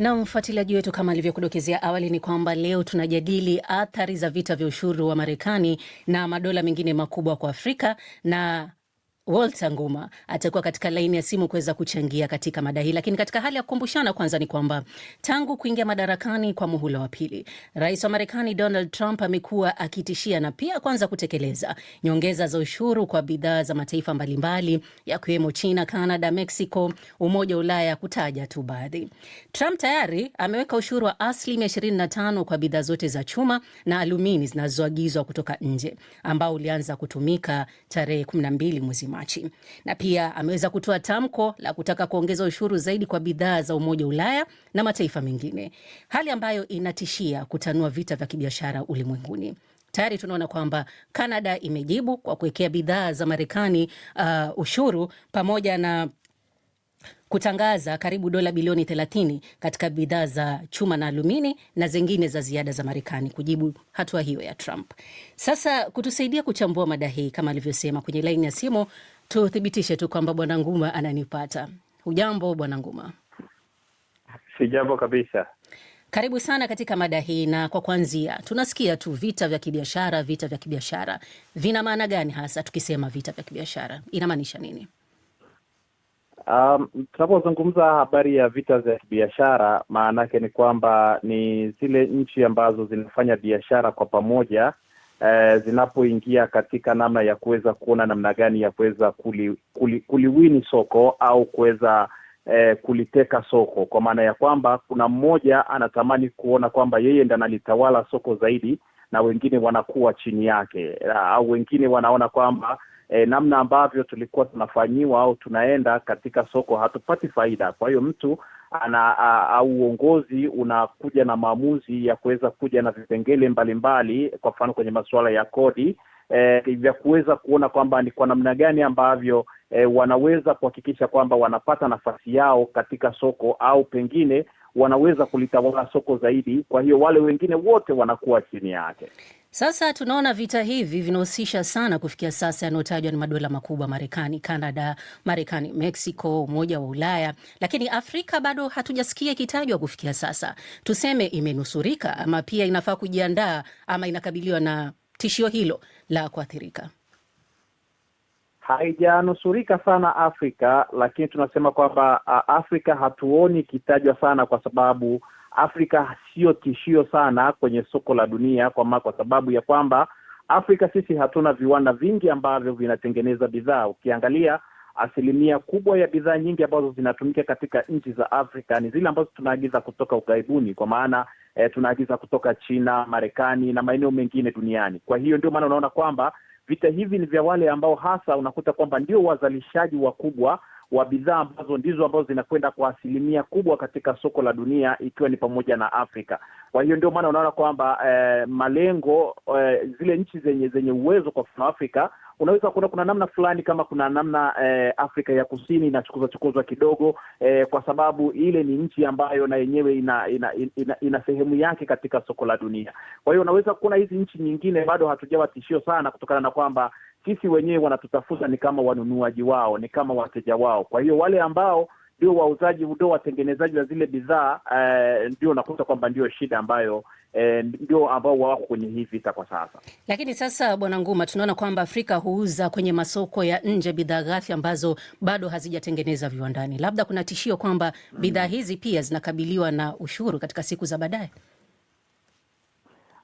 Na mfuatiliaji wetu, kama alivyokudokezea awali, ni kwamba leo tunajadili athari za vita vya ushuru wa Marekani na madola mengine makubwa kwa Afrika na Walter Nguma atakuwa katika laini ya simu kuweza kuchangia katika mada hii, lakini katika hali ya kukumbushana kwanza ni kwamba tangu kuingia madarakani kwa muhula wa pili, rais wa Marekani Donald Trump amekuwa akitishia na pia kwanza kutekeleza nyongeza za ushuru kwa bidhaa za mataifa mbalimbali yakiwemo China, Canada, Mexico, Umoja wa Ulaya, kutaja tu baadhi. Trump tayari ameweka ushuru wa asilimia 25 kwa bidhaa zote za chuma na alumini zinazoagizwa kutoka nje ambao ulianza kutumika tarehe 12 mwezi Machi. Na pia ameweza kutoa tamko la kutaka kuongeza ushuru zaidi kwa bidhaa za Umoja wa Ulaya na mataifa mengine, hali ambayo inatishia kutanua vita vya kibiashara ulimwenguni. Tayari tunaona kwamba Kanada imejibu kwa kuwekea bidhaa za Marekani uh, ushuru pamoja na kutangaza karibu dola bilioni 30 katika bidhaa za chuma na alumini na zingine za ziada za Marekani kujibu hatua hiyo ya Trump. Sasa kutusaidia kuchambua mada hii, kama alivyosema kwenye laini ya simu, tuthibitishe tu kwamba Bwana Nguma ananipata. Hujambo Bwana Nguma? Sijambo kabisa. Karibu sana katika mada hii, na kwa kwanzia, tunasikia tu vita vya kibiashara, vita vya kibiashara vina maana gani hasa? Tukisema vita vya kibiashara inamaanisha nini? Um, tunapozungumza habari ya vita vya kibiashara, maanake ni kwamba ni zile nchi ambazo zinafanya biashara kwa pamoja eh, zinapoingia katika namna ya kuweza kuona namna gani ya kuweza kuliwini kuli, kuli soko au kuweza eh, kuliteka soko, kwa maana ya kwamba kuna mmoja anatamani kuona kwamba yeye ndiye analitawala soko zaidi na wengine wanakuwa chini yake, au wengine wanaona kwamba e, namna ambavyo tulikuwa tunafanyiwa au tunaenda katika soko hatupati faida. Kwa hiyo mtu ana au uongozi unakuja na maamuzi ya kuweza kuja na vipengele mbalimbali, kwa mfano kwenye masuala ya kodi e, vya kuweza kuona kwamba ni kwa namna gani ambavyo e, wanaweza kuhakikisha kwamba wanapata nafasi yao katika soko au pengine wanaweza kulitawala soko zaidi. Kwa hiyo wale wengine wote wanakuwa chini yake. Sasa tunaona vita hivi vinahusisha sana kufikia sasa yanayotajwa ni madola makubwa, Marekani, Canada, Marekani, Mexico, Umoja wa Ulaya, lakini Afrika bado hatujasikia ikitajwa kufikia sasa. Tuseme imenusurika ama pia inafaa kujiandaa ama inakabiliwa na tishio hilo la kuathirika? haijanusurika sana Afrika, lakini tunasema kwamba Afrika hatuoni ikitajwa sana, kwa sababu Afrika sio tishio sana kwenye soko la dunia, kwa kwa sababu ya kwamba Afrika sisi hatuna viwanda vingi ambavyo vinatengeneza bidhaa. Ukiangalia asilimia kubwa ya bidhaa nyingi ambazo zinatumika katika nchi za Afrika ni zile ambazo tunaagiza kutoka ughaibuni, kwa maana eh, tunaagiza kutoka China, Marekani na maeneo mengine duniani. Kwa hiyo ndio maana unaona kwamba Vita hivi ni vya wale ambao hasa unakuta kwamba ndio wazalishaji wakubwa wa bidhaa ambazo ndizo ambazo zinakwenda kwa asilimia kubwa katika soko la dunia ikiwa ni pamoja na Afrika. Kwa hiyo ndio maana unaona kwamba eh, malengo eh, zile nchi zenye zenye uwezo kwa mfano Afrika unaweza kuna, kuna namna fulani kama kuna namna eh, Afrika ya Kusini inachukuzwa chukuzwa kidogo eh, kwa sababu ile ni nchi ambayo na yenyewe ina ina, ina, ina, ina sehemu yake katika soko la dunia. Kwa hiyo unaweza kuona hizi nchi nyingine bado hatujawa tishio sana, kutokana na kwamba sisi wenyewe wanatutafuta ni kama wanunuaji wao, ni kama wateja wao. Kwa hiyo wale ambao ndio wauzaji, ndio watengenezaji wa zile bidhaa eh, ndio unakuta kwamba ndio shida ambayo E, ndio ambao wako kwenye hii vita kwa sasa. Lakini sasa, Bwana Nguma, tunaona kwamba Afrika huuza kwenye masoko ya nje bidhaa ghafi ambazo bado hazijatengeneza viwandani. Labda kuna tishio kwamba bidhaa mm. hizi pia zinakabiliwa na ushuru katika siku za baadaye.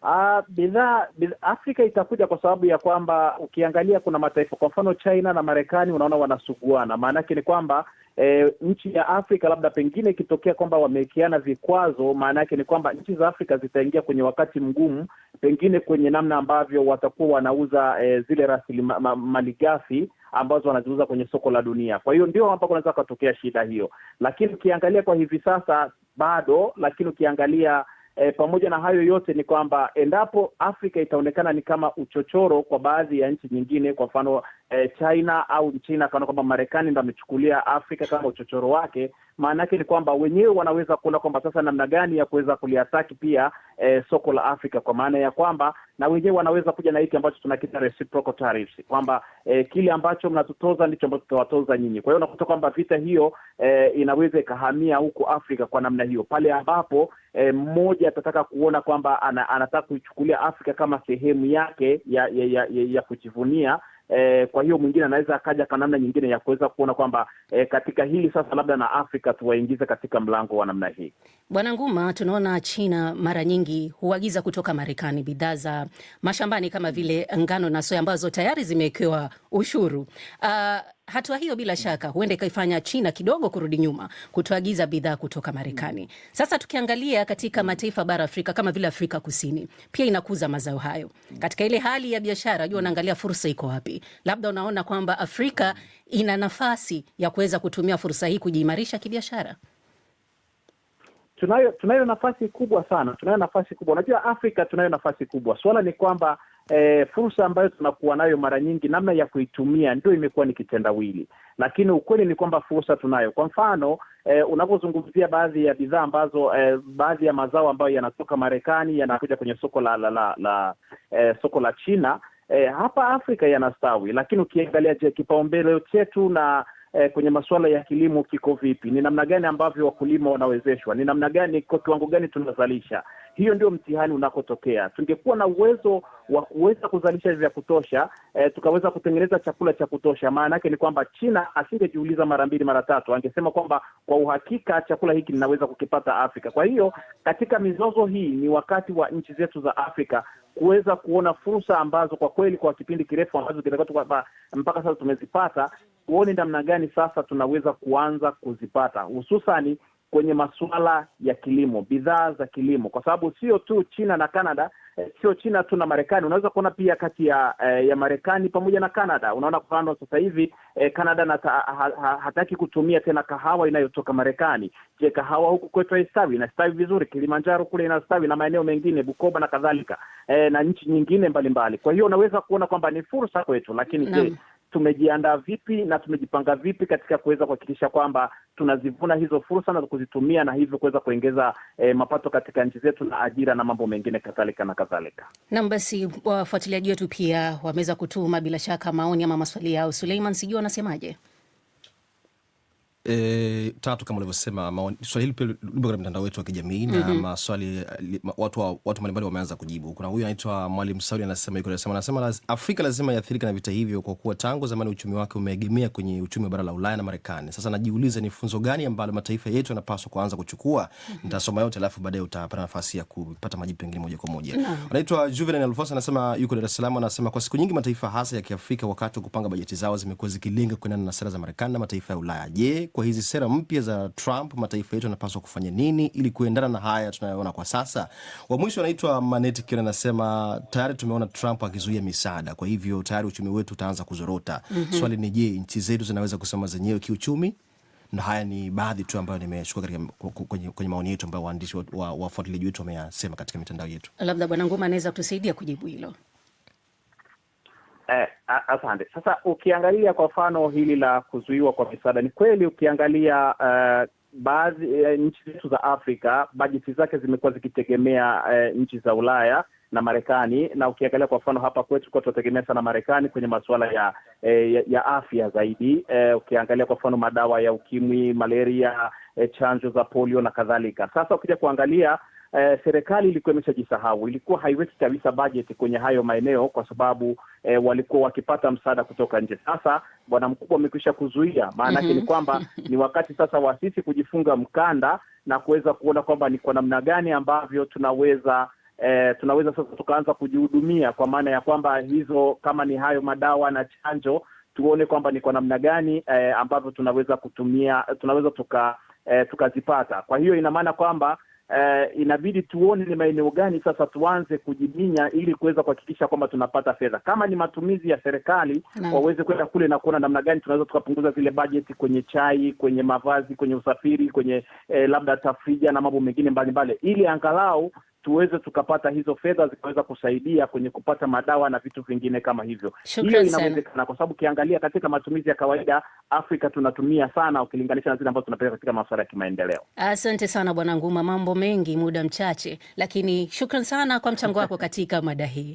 Ah, bidhaa Afrika itakuja kwa sababu ya kwamba ukiangalia kuna mataifa kwa mfano China na Marekani, unaona wanasuguana. maana yake ni kwamba e, nchi ya Afrika labda pengine ikitokea kwamba wamewekeana vikwazo, maana yake ni kwamba nchi za Afrika zitaingia kwenye wakati mgumu, pengine kwenye namna ambavyo watakuwa wanauza e, zile rasilimali ma, ghafi ambazo wanaziuza kwenye soko la dunia. Kwa hiyo ndio ambapo kunaweza kutokea shida hiyo, lakini ukiangalia kwa hivi sasa bado, lakini ukiangalia E, pamoja na hayo yote ni kwamba endapo Afrika itaonekana ni kama uchochoro kwa baadhi ya nchi nyingine, kwa mfano eh, China au China akaona kwamba Marekani ndo amechukulia Afrika kama uchochoro wake, maana yake ni kwamba wenyewe wanaweza kuona kwamba sasa namna gani ya kuweza kuliataki pia eh, soko la Afrika, kwa maana ya kwamba na wenyewe wanaweza kuja na hiki ambacho tunakita reciprocal kwamba eh, kile ambacho mnatutoza ndicho ambacho tutawatoza nyinyi. Kwa hiyo unakuta kwamba vita hiyo eh, inaweza ikahamia huku Afrika kwa namna hiyo, pale ambapo eh, mmoja eh, atataka kuona kwamba ana, anataka kuichukulia Afrika kama sehemu yake ya, ya, ya, ya, ya kujivunia E, kwa hiyo mwingine anaweza akaja kwa namna nyingine ya kuweza kuona kwamba e, katika hili sasa labda na Afrika tuwaingize katika mlango wa namna hii. Bwana Nguma, tunaona China mara nyingi huagiza kutoka Marekani bidhaa za mashambani kama vile ngano na soya ambazo tayari zimewekewa ushuru. Uh, Hatua hiyo bila shaka huenda ikaifanya China kidogo kurudi nyuma kutoagiza bidhaa kutoka Marekani. Sasa tukiangalia katika mataifa bara Afrika kama vile Afrika Kusini, pia inakuza mazao hayo. Katika ile hali ya biashara, jua unaangalia fursa iko wapi. Labda unaona kwamba Afrika ina nafasi ya kuweza kutumia fursa hii kujiimarisha kibiashara. Tunayo, tunayo nafasi kubwa sana, tunayo nafasi kubwa. Unajua Afrika tunayo nafasi kubwa, swala ni kwamba e, fursa ambayo tunakuwa nayo mara nyingi, namna ya kuitumia ndio imekuwa ni kitendawili, lakini ukweli ni kwamba fursa tunayo. Kwa mfano e, unavyozungumzia baadhi ya bidhaa ambazo e, baadhi ya mazao ambayo yanatoka Marekani yanakuja kwenye soko la la la, la e, soko la China e, hapa Afrika yanastawi, lakini ukiangalia, je, kipaumbele chetu na E, kwenye masuala ya kilimo kiko vipi? Ni namna gani ambavyo wakulima wanawezeshwa? Ni namna gani, kwa kiwango gani tunazalisha? Hiyo ndio mtihani unakotokea. Tungekuwa na uwezo wa kuweza kuzalisha vya kutosha e, tukaweza kutengeneza chakula cha kutosha, maana yake ni kwamba China asingejiuliza mara mbili mara tatu, angesema kwamba kwa uhakika chakula hiki ninaweza kukipata Afrika. Kwa hiyo katika mizozo hii ni wakati wa nchi zetu za Afrika kuweza kuona fursa ambazo kwa kweli kwa kipindi kirefu ambazo kwamba mpaka sasa tumezipata, tuone namna gani sasa tunaweza kuanza kuzipata hususani kwenye masuala ya kilimo, bidhaa za kilimo, kwa sababu sio tu China na Canada, eh, sio China tu na Marekani. Unaweza kuona pia kati ya eh, ya Marekani pamoja na Canada. Unaona kwa sasa hivi eh, Canada na ta, ha, ha, hataki kutumia tena kahawa inayotoka Marekani. Je, kahawa huku kwetu haistawi? Inastawi vizuri, Kilimanjaro kule inastawi na maeneo mengine, Bukoba na kadhalika, eh, na nchi nyingine mbalimbali mbali. Kwa hiyo unaweza kuona kwamba ni fursa kwetu, lakini je tumejiandaa vipi na tumejipanga vipi katika kuweza kuhakikisha kwamba tunazivuna hizo fursa na kuzitumia na hivyo kuweza kuongeza eh, mapato katika nchi zetu na ajira na mambo mengine kadhalika na kadhalika. nam basi wafuatiliaji wetu pia wameweza kutuma bila shaka maoni ama maswali yao. Suleiman, sijui wanasemaje? E, tatu kama ulivyosema, swali hili pia lipo katika mtandao wetu wa kijamii na mm -hmm. maswali watu mbalimbali watu wameanza kujibu. Kuna huyu anaitwa Mwalimu Sauli anasema yuko anasema anasema Afrika lazima iathirika na vita hivyo, kwa kuwa tangu zamani uchumi wake umeegemea kwenye uchumi wa bara la Ulaya na Marekani. Sasa najiuliza ni funzo gani ambalo mataifa yetu yanapaswa kuanza kuchukua. mm -hmm. Nitasoma yote alafu baadaye utapata nafasi ya kupata majibu pengine moja kwa moja. no. Anaitwa Juvenal Alfonso anasema yuko Dar es Salaam, anasema kwa siku nyingi mataifa hasa ya Kiafrika wakati wa kupanga bajeti zao zimekuwa zikilenga kuendana na sera za Marekani na mataifa ya Ulaya. Je, kwa hizi sera mpya za Trump, mataifa yetu yanapaswa kufanya nini ili kuendana na haya tunayoona kwa sasa? Wa mwisho anaitwa Maneti anasema tayari tumeona Trump akizuia misaada, kwa hivyo tayari uchumi wetu utaanza kuzorota. mm -hmm. Swali ni je, nchi zetu zinaweza kusema zenyewe kiuchumi? na haya ni baadhi tu ambayo nimechukua kwenye, kwenye maoni yetu ambayo waandishi wafuatiliaji wa, wa wetu wameyasema katika mitandao yetu. Labda Bwana Nguma anaweza kutusaidia kujibu hilo. Eh, asante. Sasa ukiangalia kwa mfano hili la kuzuiwa kwa misaada, ni kweli ukiangalia eh, baadhi eh, nchi zetu za Afrika bajeti zake zimekuwa zikitegemea eh, nchi za Ulaya na Marekani, na ukiangalia kwa mfano hapa kwetu kwa tunategemea sana Marekani kwenye masuala ya, eh, ya ya afya zaidi. Eh, ukiangalia kwa mfano madawa ya ukimwi, malaria, eh, chanjo za polio na kadhalika. Sasa ukija kuangalia eh, serikali ilikuwa imeshajisahau, ilikuwa haiweki kabisa bajeti kwenye hayo maeneo kwa sababu eh, walikuwa wakipata msaada kutoka nje. Sasa bwana mkubwa amekwisha kuzuia, maanake mm -hmm. ni mhm. kwamba ni wakati sasa wa sisi kujifunga mkanda na kuweza kuona kwamba ni kwa namna gani ambavyo tunaweza Eh, tunaweza sasa tukaanza kujihudumia kwa maana ya kwamba hizo kama ni hayo madawa na chanjo, tuone kwamba ni kwa namna gani eh, ambavyo tunaweza kutumia tunaweza tuka eh, tukazipata. Kwa hiyo ina maana kwamba uh, inabidi tuone ni maeneo gani sasa tuanze kujiminya ili kuweza kuhakikisha kwamba tunapata fedha. Kama ni matumizi ya serikali, waweze kwenda kule na kuona namna gani tunaweza tukapunguza zile bajeti kwenye chai, kwenye mavazi, kwenye usafiri, kwenye eh, labda tafrija na mambo mengine mbalimbali, ili angalau tuweze tukapata hizo fedha zikaweza kusaidia kwenye kupata madawa na vitu vingine kama hivyo. Hiyo inawezekana, kwa sababu ukiangalia katika matumizi ya kawaida Afrika tunatumia sana ukilinganisha na zile ambazo tunapeleka katika masuala ya kimaendeleo. Asante sana Bwana Nguma, mambo mengi, muda mchache, lakini shukran sana kwa mchango wako katika mada hii.